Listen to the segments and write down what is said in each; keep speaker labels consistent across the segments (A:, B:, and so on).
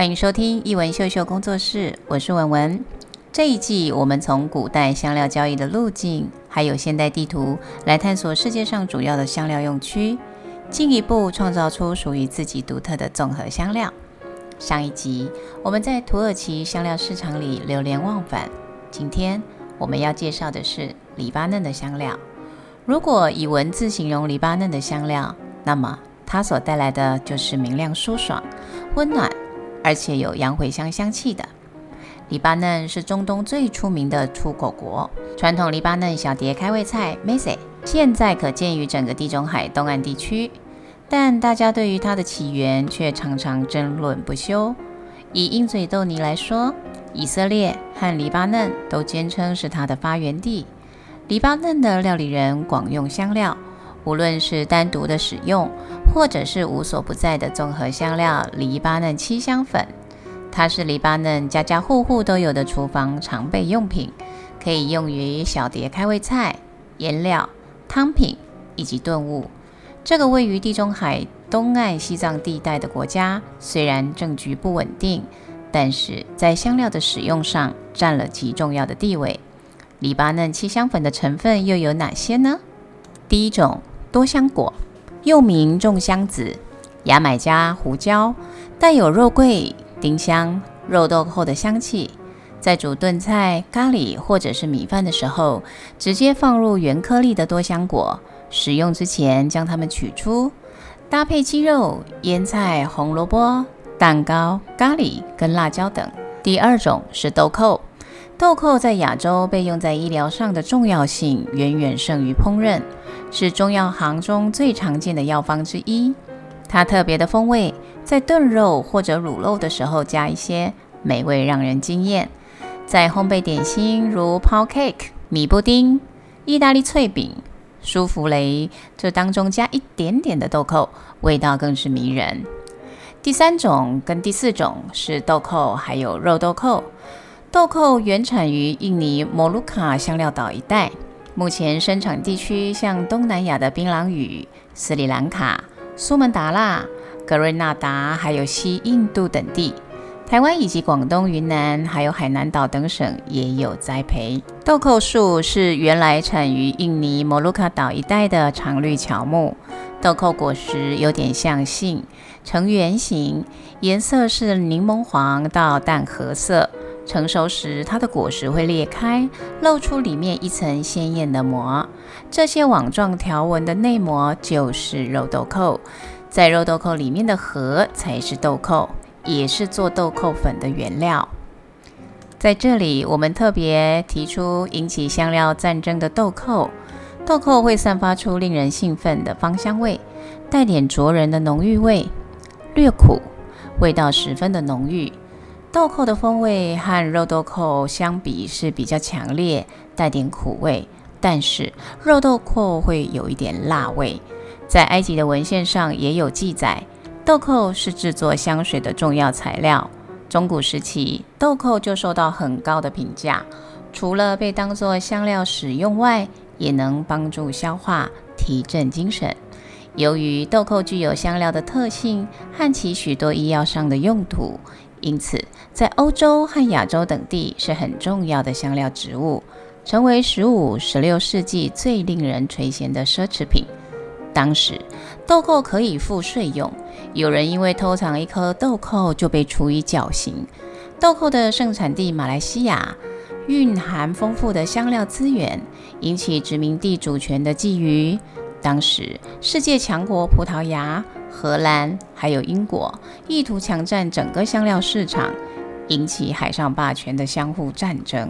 A: 歡迎收聽一文秀秀工作室，我是文文。這一季我們從古代香料交易的路徑，還有現代地圖來探索世界上主要的香料用區，進一步創造出屬於自己獨特的綜合香料。上一集我們在土耳其香料市場裡流連忘返，今天我們要介紹的是黎巴嫩的香料。如果以文字形容黎巴嫩的香料，那麼它所帶來的就是明亮、舒爽、溫暖。而且有洋茴香香氣的。黎巴嫩是中東最出名的出口國。傳統黎巴嫩小碟開胃菜 mezze，現在可見於整個地中海東岸地區，但大家對於它的起源卻常常爭論不休。以鷹嘴豆泥來說，以色列和黎巴嫩都堅稱是它的發源地。黎巴嫩的料理人廣用香料。無論是單獨的使用，或者是無所不在的綜合香料——黎巴嫩七香粉，它是黎巴嫩家家戶戶都有的廚房常備用品，可以用於小碟開胃菜、醃料、湯品以及燉物。這個位於地中海東岸狹長地帶的國家，雖然政局不穩定，但是在香料的使用上占了極重要的地位。黎巴嫩七香粉的成分又有哪些呢？第一種。多香果又名眾香子、牙買加胡椒，帶有肉桂、丁香、肉豆蔻的香氣。在煮燉菜、咖喱或者是米飯的時候，直接放入原顆粒的多香果，使用之前將它們取出。搭配雞肉、醃菜、紅蘿蔔、蛋糕、咖喱跟辣椒等。第二種是豆蔻，豆蔻在亞洲被用在醫療上的重要性遠遠勝於烹飪。是中藥行中最常見的藥方之一，它特別的風味，在燉肉或者滷肉的時候加一些，美味讓人驚豔。在烘焙點心如 pound cake、米布丁、意大利脆餅、舒芙蕾，這當中加一點點的豆蔻，味道更是迷人。第三種跟第四種是豆蔻，還有肉豆蔻。豆蔻原產於印尼摩魯卡香料島一帶。目前生產地區像東南亞的檳榔嶼、斯里蘭卡、蘇門答臘、格瑞納達，還有西印度等地。台灣以及廣東、雲南還有海南島等省也有栽培。豆蔻樹是原來產於印尼摩魯卡島一帶的常綠喬木，豆蔻果實有點像杏，呈圓形，顏色是檸檬黃到淡褐色。成熟時，它的果實會裂開，露出裡面一層鮮豔的膜。這些網狀條紋的內膜就是肉豆蔻，在肉豆蔻裡面的核才是豆蔻，也是做豆蔻粉的原料。在這裡，我們特別提出引起香料戰爭的豆蔻。豆蔻會散發出令人興奮的芳香味，帶點灼人的濃郁味，略苦，味道十分的濃郁。豆蔻的風味和肉豆蔻相比是比較強烈，帶點苦味，但是肉豆蔻會有一點辣味。在埃及的文獻上也有記載，豆蔻是制作香水的重要材料。中古時期，豆蔻就受到很高的評價。除了被當作香料使用外，也能幫助消化、提振精神。由於豆蔻具有香料的特性，和其許多醫藥上的用途，因此在歐洲和亞洲等地是很重要的香料植物，成為十五、十六世紀最令人垂涎的奢侈品。當時豆蔻可以付稅用，有人因為偷藏一顆豆蔻就被處以絞刑。豆蔻的盛產地馬來西亞，蘊含豐富的香料資源，引起殖民地主權的覬覦。當時世界強國葡萄牙、荷蘭還有英國，意圖強占整個香料市場。引起海上霸權的相互戰爭。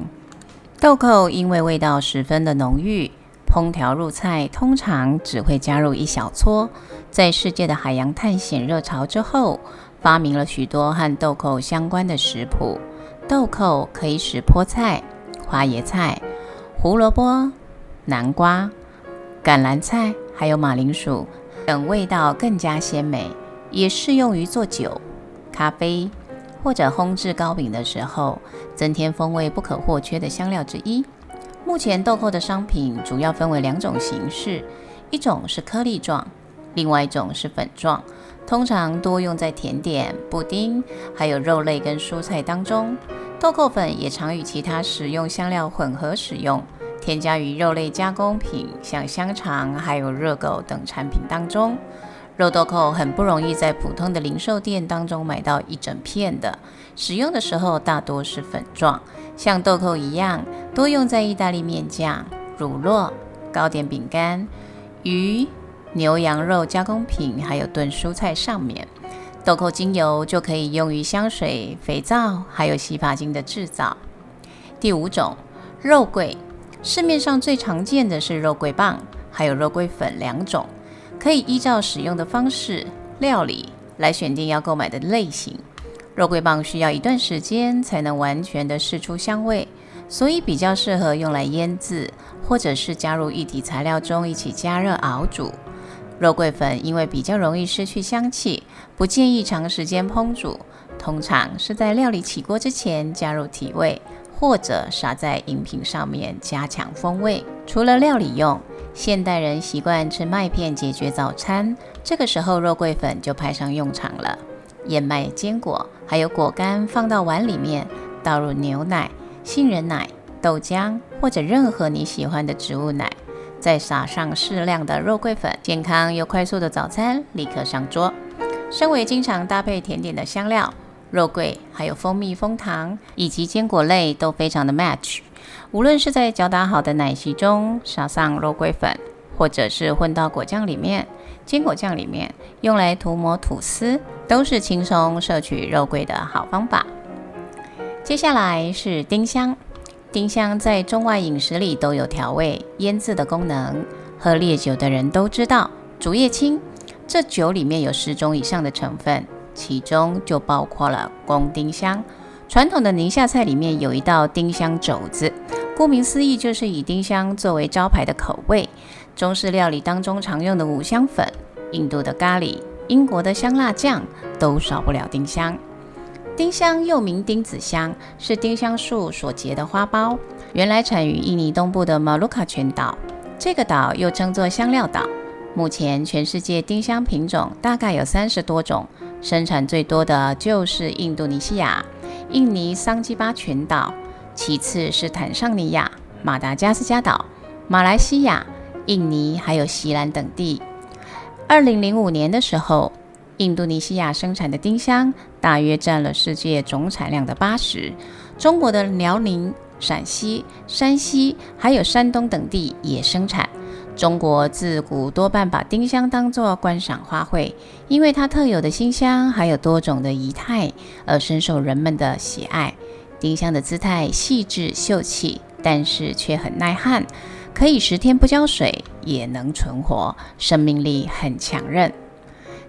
A: 豆蔻因為味道十分的濃郁，烹調入菜通常只會加入一小撮。在世界的海洋探險熱潮之後，發明了許多和豆蔻相關的食譜。豆蔻可以使菠菜、花椰菜、胡蘿蔔、南瓜、橄欖菜，還有馬鈴薯等味道更加鮮美，也適用於做酒、咖啡。或者烘製糕餅的時候，增添風味不可或缺的香料之一。目前豆蔻的商品主要分為兩種形式，一種是顆粒狀，另外一種是粉狀，通常多用在甜點、布丁，還有肉類跟蔬菜當中。豆蔻粉也常與其他食用香料混合使用，添加於肉類加工品，像香腸還有熱狗等產品當中。肉豆蔻很不容易在普通的零售店當中買到一整片的，使用的時候大多是粉狀，像豆蔻一樣，多用在意大利麵醬、乳酪、糕點、餅乾、魚、牛羊肉加工品，還有燉蔬菜上面。豆蔻精油就可以用於香水、肥皂，還有洗髮精的制造。第五種，肉桂，市面上最常見的是肉桂棒，還有肉桂粉兩種。可以依照使用的方式、料理來選定要購買的類型。肉桂棒需要一段時間才能完全的釋出香味，所以比較適合用來醃製，或者是加入液體材料中一起加熱熬煮。肉桂粉因為比較容易失去香氣，不建議長時間烹煮，通常是在料理起鍋之前加入提味，或者撒在飲品上面加強風味。除了料理用。現代人習慣吃麥片解決早餐，這個時候肉桂粉就派上用場了。燕麥、堅果還有果乾放到碗裡面，倒入牛奶、杏仁奶、豆漿或者任何你喜歡的植物奶，再撒上適量的肉桂粉，健康又快速的早餐立刻上桌。身為經常搭配甜點的香料，肉桂還有蜂蜜、楓糖以及堅果類都非常的 match。無論是在攪打好的奶昔中撒上肉桂粉，或者是混到果醬裡面、堅果醬裡面用來塗抹吐司，都是輕鬆攝取肉桂的好方法。接下來是丁香，丁香在中外飲食裡都有調味、醃制的功能。喝烈酒的人都知道，竹葉青這酒裡面有十種以上的成分，其中就包括了公丁香。傳統的寧夏菜裡面有一道丁香肘子，顧名思義就是以丁香作為招牌的口味。中式料理當中常用的五香粉、印度的咖喱、英國的香辣醬都少不了丁香。丁香又名丁子香，是丁香樹所結的花苞。原來產於印尼東部的馬魯卡群島，這個島又稱作香料島。目前全世界丁香品種大概有三十多種，生產最多的就是印度尼西亞。印尼桑基巴群島，其次是坦尚尼亞、馬達加斯加島、馬來西亞、印尼還有西蘭等地。二零零五年的時候，印度尼西亞生產的丁香大約佔了世界總產量的八十。中國的遼寧、陝西、山西還有山東等地也生產。中國自古多半把丁香當作觀賞花卉，因為它特有的馨香，還有多種的儀態，而深受人們的喜愛。丁香的姿態細緻秀氣，但是卻很耐旱，可以十天不澆水也能存活，生命力很強韌。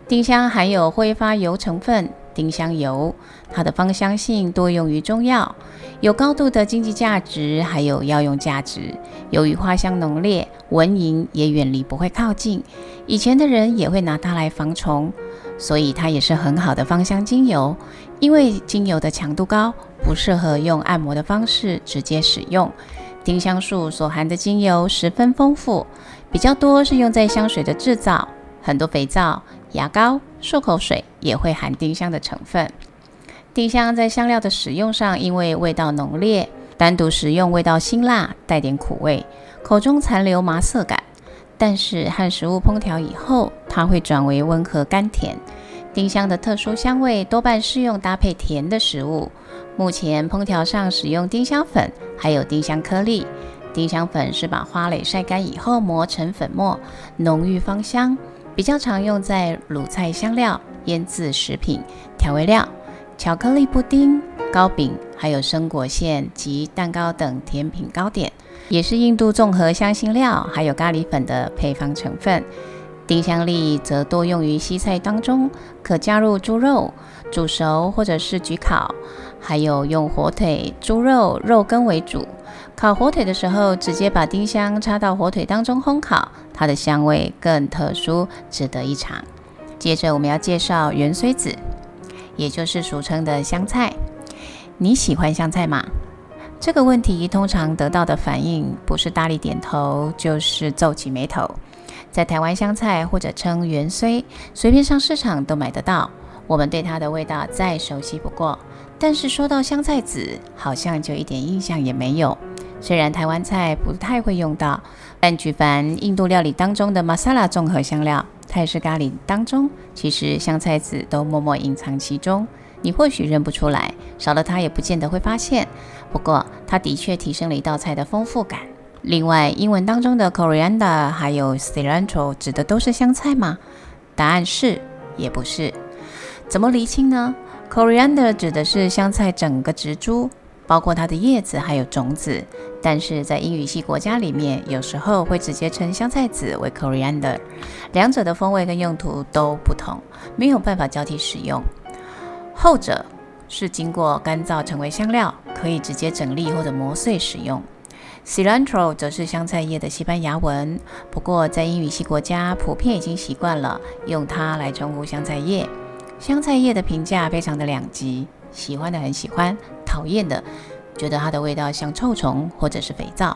A: 丁香含有揮發油成分。丁香油，它的芳香性多用於中藥，有高度的經濟價值，還有藥用價值。由於花香濃烈，蚊蠅也遠離不會靠近。以前的人也會拿它來防蟲，所以它也是很好的芳香精油。因為精油的強度高，不適合用按摩的方式直接使用。丁香樹所含的精油十分豐富，比較多是用在香水的製造，很多肥皂。牙膏、漱口水也會含丁香的成分。丁香在香料的使用上，因為味道濃烈，單獨食用味道辛辣，帶點苦味，口中殘留麻澀感。但是和食物烹調以後，它會轉為溫和甘甜。丁香的特殊香味多半適用搭配甜的食物。目前烹調上使用丁香粉，還有丁香顆粒。丁香粉是把花蕾曬乾以後磨成粉末，濃郁芳香。比較常用在滷菜香料、醃制食品、調味料、巧克力布丁、糕餅，還有生果餡及蛋糕等甜品糕點，也是印度綜合香辛料還有咖喱粉的配方成分。丁香粒則多用於西菜當中，可加入豬肉煮熟或者是焗烤，還有用火腿、豬肉、肉羹為主，烤火腿的時候直接把丁香插到火腿當中烘烤。它的香味更特殊，值得一嚐。接着，我們要介紹芫荽子，也就是俗稱的香菜。你喜歡香菜嗎？這個問題通常得到的反應不是大力點頭，就是皺起眉頭。在台灣，香菜或者稱芫荽，隨便上市場都買得到。我們對它的味道再熟悉不過，但是說到香菜籽，好像就一點印象也沒有。雖然台灣菜不太會用到，但舉凡印度料理當中的瑪莎拉綜合香料、泰式咖喱當中，其實香菜籽都默默隱藏其中，你或許認不出來，少了它也不見得會發現。不過它的確提升了一道菜的豐富感。另外，英文當中的 coriander 還有 cilantro 指的都是香菜嗎？答案是也不是。怎麼釐清呢？coriander 指的是香菜整個植株。包括它的葉子還有種子，但是在英語系國家裡面，有時候會直接稱香菜籽為 coriander，兩者的風味跟用途都不同，沒有辦法交替使用。後者是經過乾燥成為香料，可以直接整粒或者磨碎使用。cilantro 則是香菜葉的西班牙文，不過在英語系國家普遍已經習慣了用它來稱呼香菜葉。香菜葉的評價非常的兩極，喜歡的很喜歡。討厭的，覺得它的味道像臭蟲或者是肥皂，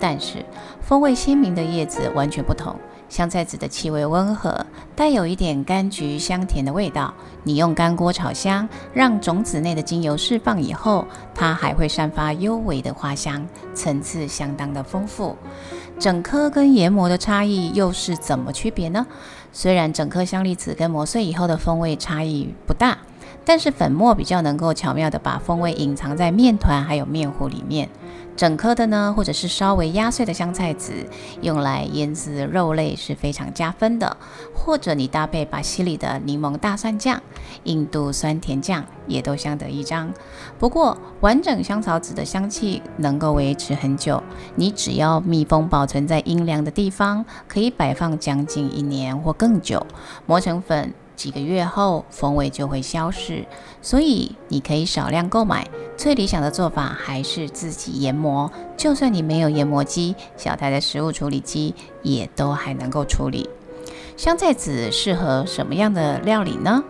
A: 但是風味鮮明的葉子完全不同。香菜籽的氣味溫和，帶有一點柑橘香甜的味道。你用乾鍋炒香，讓種子內的精油釋放以後，它還會散發幽微的花香，層次相當的豐富。整顆跟研磨的差異又是怎麼區別呢？雖然整顆香菜籽跟磨碎以後的風味差異不大，但是粉末比較能夠巧妙地把風味隱藏在麵團還有麵糊裡面，整顆的呢，或者是稍微壓碎的香菜籽，用來醃制肉類是非常加分的。或者你搭配巴西里的檸檬大蒜醬、印度酸甜醬也都相得益彰。不過完整香草籽的香氣能夠維持很久，你只要密封保存在陰涼的地方，可以擺放將近一年或更久。磨成粉，幾個月後風味就會消失，所以你可以少量購買。最理想的做法還是自己研磨。就算你沒有研磨機，小台的食物處理機也都還能夠處理。香菜籽適合什麼樣的料理呢？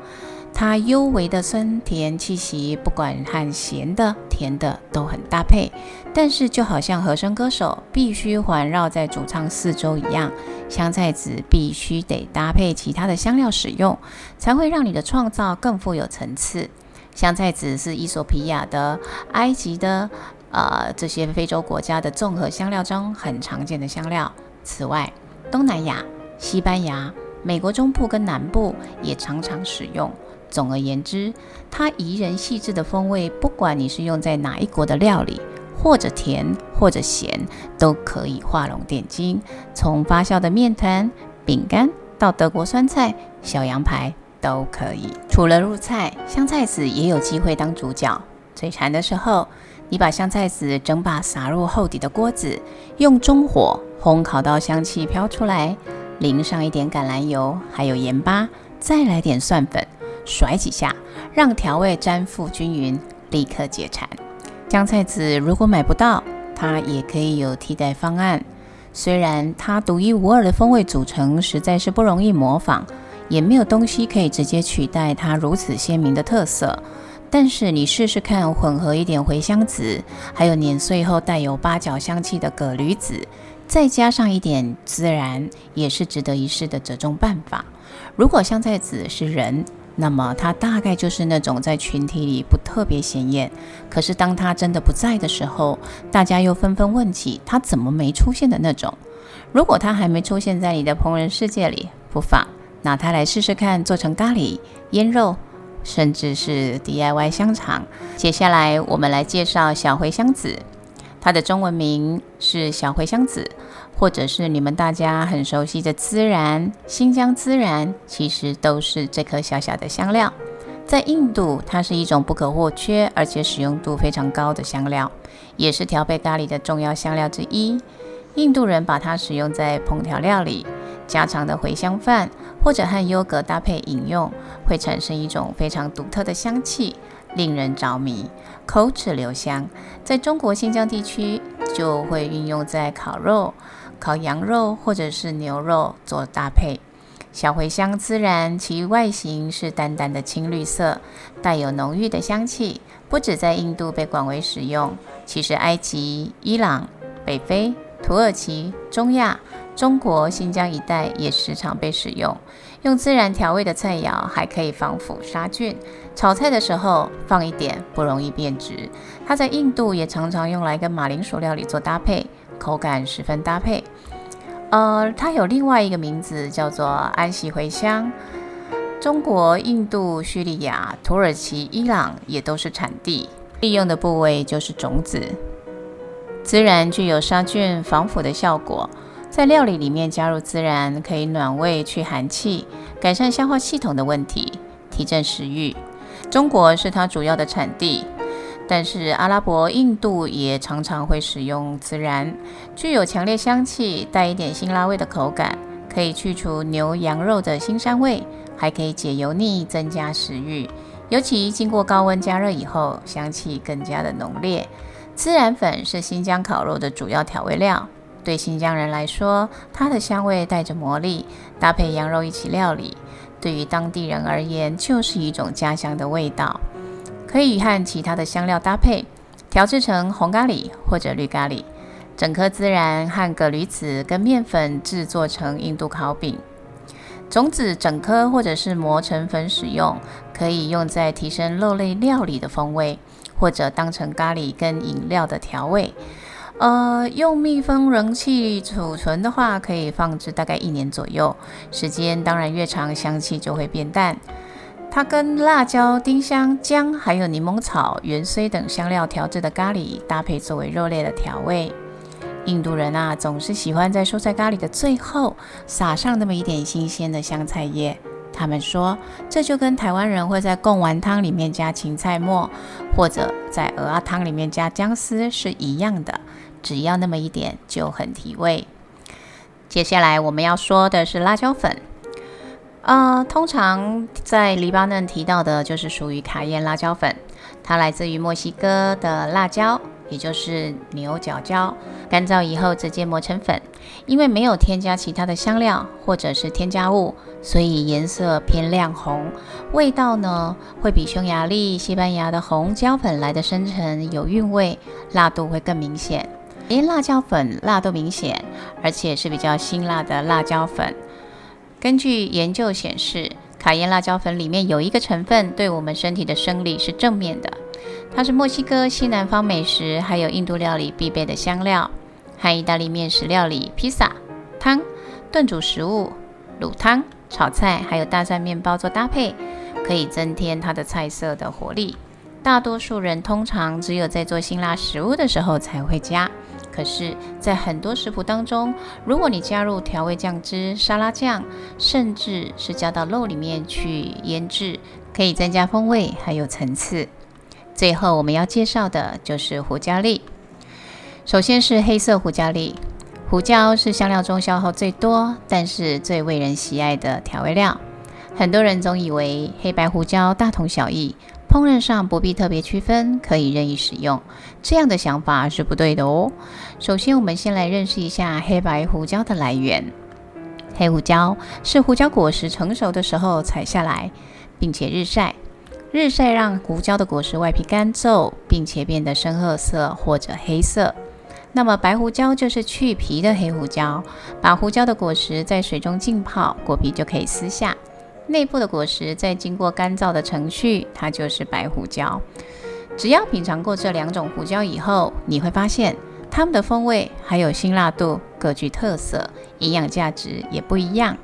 A: 它幽微的酸甜氣息，不管和鹹的、甜的都很搭配。但是，就好像和聲歌手必須環繞在主唱四周一樣，香菜籽必須得搭配其他的香料使用，才會讓你的創造更富有層次。香菜籽是伊索比亞的、埃及的、呃這些非洲國家的綜合香料中很常見的香料。此外，東南亞、西班牙、美國中部跟南部也常常使用。總而言之，它宜人細緻的風味，不管你是用在哪一國的料理，或者甜或者鹹，都可以畫龍點睛。從發酵的麵團、餅乾到德國酸菜、小羊排都可以。除了入菜，香菜籽也有機會當主角。嘴饞的時候，你把香菜籽整把撒入厚底的鍋子，用中火烘烤到香氣飄出來，淋上一點橄欖油，還有鹽巴，再來點蒜粉。甩幾下，讓調味粘附均勻，立刻解饞。香菜籽如果買不到，它也可以有替代方案。雖然它獨一無二的風味組成實在是不容易模仿，也沒有東西可以直接取代它如此鮮明的特色，但是你試試看，混合一點茴香籽，還有碾碎後帶有八角香氣的葛縷子，再加上一點孜然，也是值得一試的折中辦法。如果香菜籽是人，那麼他大概就是那種在群體裡不特別顯眼，可是當他真的不在的時候，大家又紛紛問起他怎麼沒出現的那種。如果他還沒出現在你的烹飪世界裡，不妨拿它來試試看，做成咖喱、醃肉，甚至是 DIY 香腸。接下來我們來介紹小茴香籽，它的中文名是小茴香籽。或者是你們大家很熟悉的孜然，新疆孜然，其實都是這顆小小的香料。在印度，它是一種不可或缺而且使用度非常高的香料，也是調配咖喱的重要香料之一。印度人把它使用在烹調料理、家常的茴香飯，或者和優格搭配飲用，會產生一種非常獨特的香氣，令人着迷。口齒留香，在中國新疆地區就會運用在烤肉、烤羊肉或者是牛肉做搭配。小茴香孜然，其外形是淡淡的青綠色，帶有濃郁的香氣。不只在印度被廣為使用，其實埃及、伊朗、北非、土耳其、中亞、中國新疆一帶也時常被使用。用孜然調味的菜餚還可以防腐殺菌，炒菜的時候放一點不容易變質。它在印度也常常用來跟馬鈴薯料理做搭配，口感十分搭配。呃，它有另外一個名字叫做安息茴香，中國、印度、敘利亞、土耳其、伊朗也都是產地。利用的部位就是種子，孜然具有殺菌防腐的效果。在料理裡面加入孜然，可以暖胃、去寒氣，改善消化系統的問題，提振食欲。中國是它主要的產地，但是阿拉伯、印度也常常會使用孜然。具有強烈香氣，帶一點辛辣味的口感，可以去除牛羊肉的腥膻味，還可以解油膩、增加食欲。尤其經過高溫加熱以後，香氣更加的濃烈。孜然粉是新疆烤肉的主要調味料。對新疆人來說，它的香味帶着魔力，搭配羊肉一起料理。對於當地人而言，就是一種家鄉的味道。可以和其他的香料搭配，調制成紅咖喱或者綠咖喱。整顆孜然和葛縷子跟麵粉制作成印度烤餅。種子整顆或者是磨成粉使用，可以用在提升肉類料理的風味，或者當成咖喱跟飲料的調味。呃，用密封容器儲存的話，可以放置大概一年左右。時間當然越長，香氣就會變淡。它跟辣椒、丁香、薑還有檸檬草、芫荽等香料調制的咖喱搭配，作為肉類的調味。印度人啊，總是喜歡在蔬菜咖喱的最後撒上那麼一點新鮮的香菜葉。他們說，這就跟台灣人會在貢丸湯裡面加芹菜末，或者在蚵仔湯裡面加薑絲是一樣的。只要那麼一點就很提味。接下來我們要說的是辣椒粉，呃，通常在黎巴嫩提到的就是屬於卡宴辣椒粉，它來自於墨西哥的辣椒，也就是牛角椒，乾燥以後直接磨成粉。因為沒有添加其他的香料或者是添加物，所以顏色偏亮紅，味道呢會比匈牙利、西班牙的紅椒粉來的深沉有韻味，辣度會更明顯。卡宴辣椒粉辣度明顯，而且是比較辛辣的辣椒粉。根據研究顯示，卡宴辣椒粉裡面有一個成分對我們身體的生理是正面的，它是墨西哥西南方美食，還有印度料理必備的香料，還有意大利麵食料理、披薩、湯、燉煮食物、滷湯、炒菜，還有大蒜麵包做搭配，可以增添它的菜色的活力。大多數人通常只有在做辛辣食物的時候才會加。可是，在很多食譜當中，如果你加入調味醬汁、沙拉醬，甚至是加到肉裡面去醃製，可以增加風味還有層次。最後我們要介紹的就是胡椒粒。首先是黑色胡椒粒。胡椒是香料中消耗最多，但是最為人喜愛的調味料。很多人總以為黑白胡椒大同小異。烹飪上不必特別區分，可以任意使用。這樣的想法是不對的哦。首先，我們先來認識一下黑白胡椒的來源。黑胡椒是胡椒果實成熟的時候採下來，並且日曬。日曬讓胡椒的果實外皮乾皺，並且變得深褐色或者黑色。那麼白胡椒就是去皮的黑胡椒。把胡椒的果實在水中浸泡，果皮就可以撕下。內部的果實在經過乾燥的程序，它就是白胡椒。只要品嘗過這兩種胡椒以後，你會發現它們的風味還有辛辣度各具特色，營養價值也不一樣。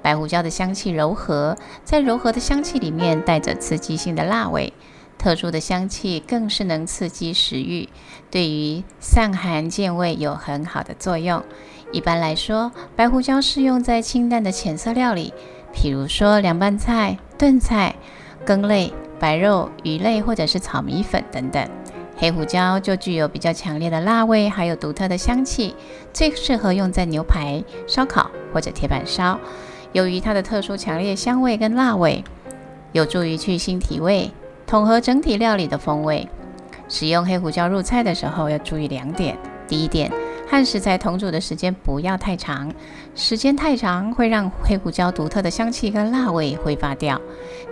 A: 白胡椒的香氣柔和，在柔和的香氣裡面帶着刺激性的辣味，特殊的香氣更是能刺激食慾，對於散寒健胃有很好的作用。一般來說，白胡椒適用在清淡的淺色料理。比如說涼拌菜、燉菜、羹類、白肉、魚類或者是炒米粉等等，黑胡椒就具有比較強烈的辣味，還有獨特的香氣，最適合用在牛排、燒烤或者鐵板燒。由於它的特殊強烈香味跟辣味，有助於去腥提味，統合整體料理的風味。使用黑胡椒入菜的時候要注意兩點：第一點，和食材同煮的時間不要太長。時間太長會讓黑胡椒獨特的香氣跟辣味揮發掉。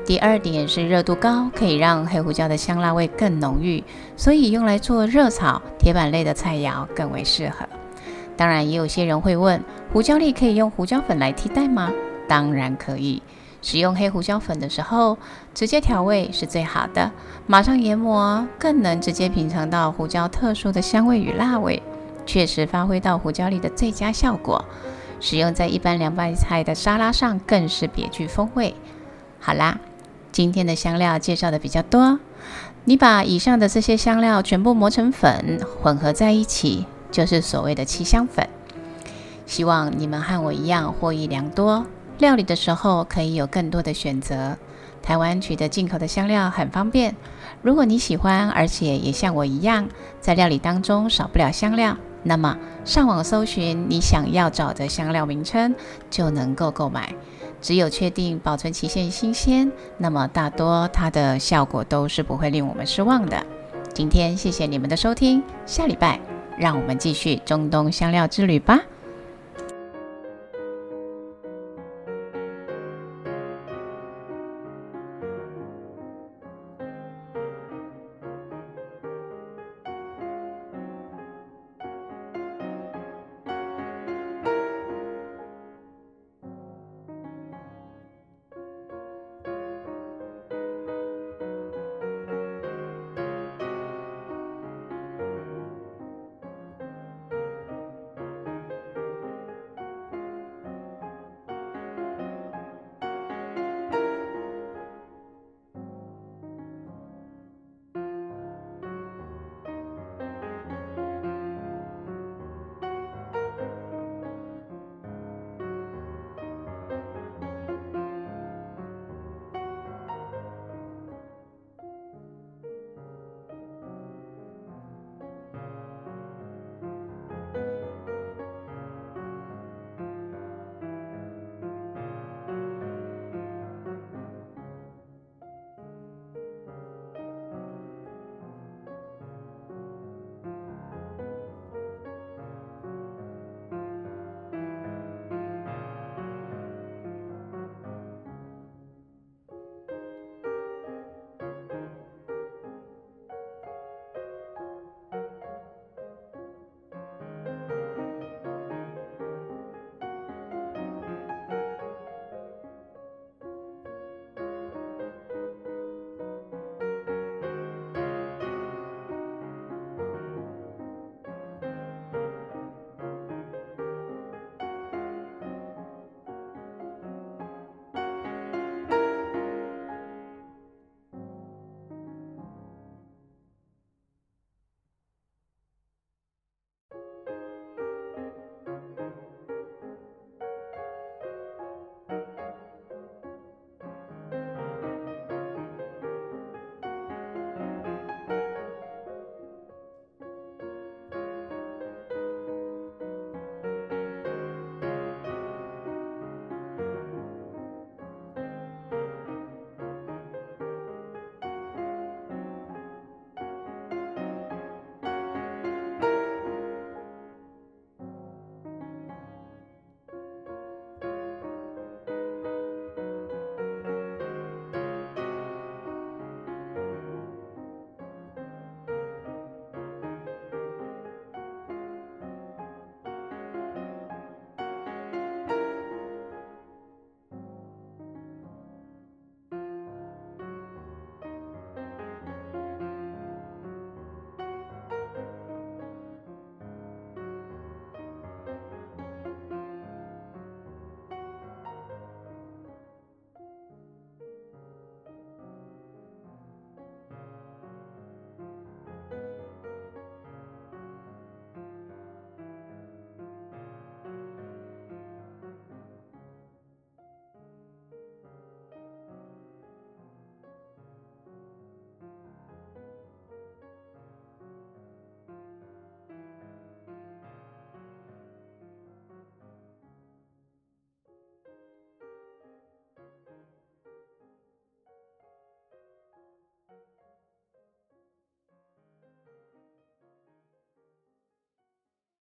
A: 第二點是熱度高可以讓黑胡椒的香辣味更濃郁，所以用來做熱炒、鐵板類的菜餚更為適合。當然，也有些人會問，胡椒粒可以用胡椒粉來替代嗎？當然可以。使用黑胡椒粉的時候，直接調味是最好的，馬上研磨更能直接品嘗到胡椒特殊的香味與辣味，確實發揮到胡椒粒的最佳效果。使用在一般涼拌菜的沙拉上更是別具風味。好啦，今天的香料介紹的比較多，你把以上的這些香料全部磨成粉，混合在一起，就是所謂的七香粉。希望你們和我一樣獲益良多，料理的時候可以有更多的選擇。台灣取得進口的香料很方便，如果你喜歡，而且也像我一樣，在料理當中少不了香料。那麼，上網搜尋你想要找的香料名稱，就能夠購買。只有確定保存期限新鮮，那麼大多它的效果都是不會令我們失望的。今天謝謝你們的收聽，下禮拜讓我們繼續中東香料之旅吧。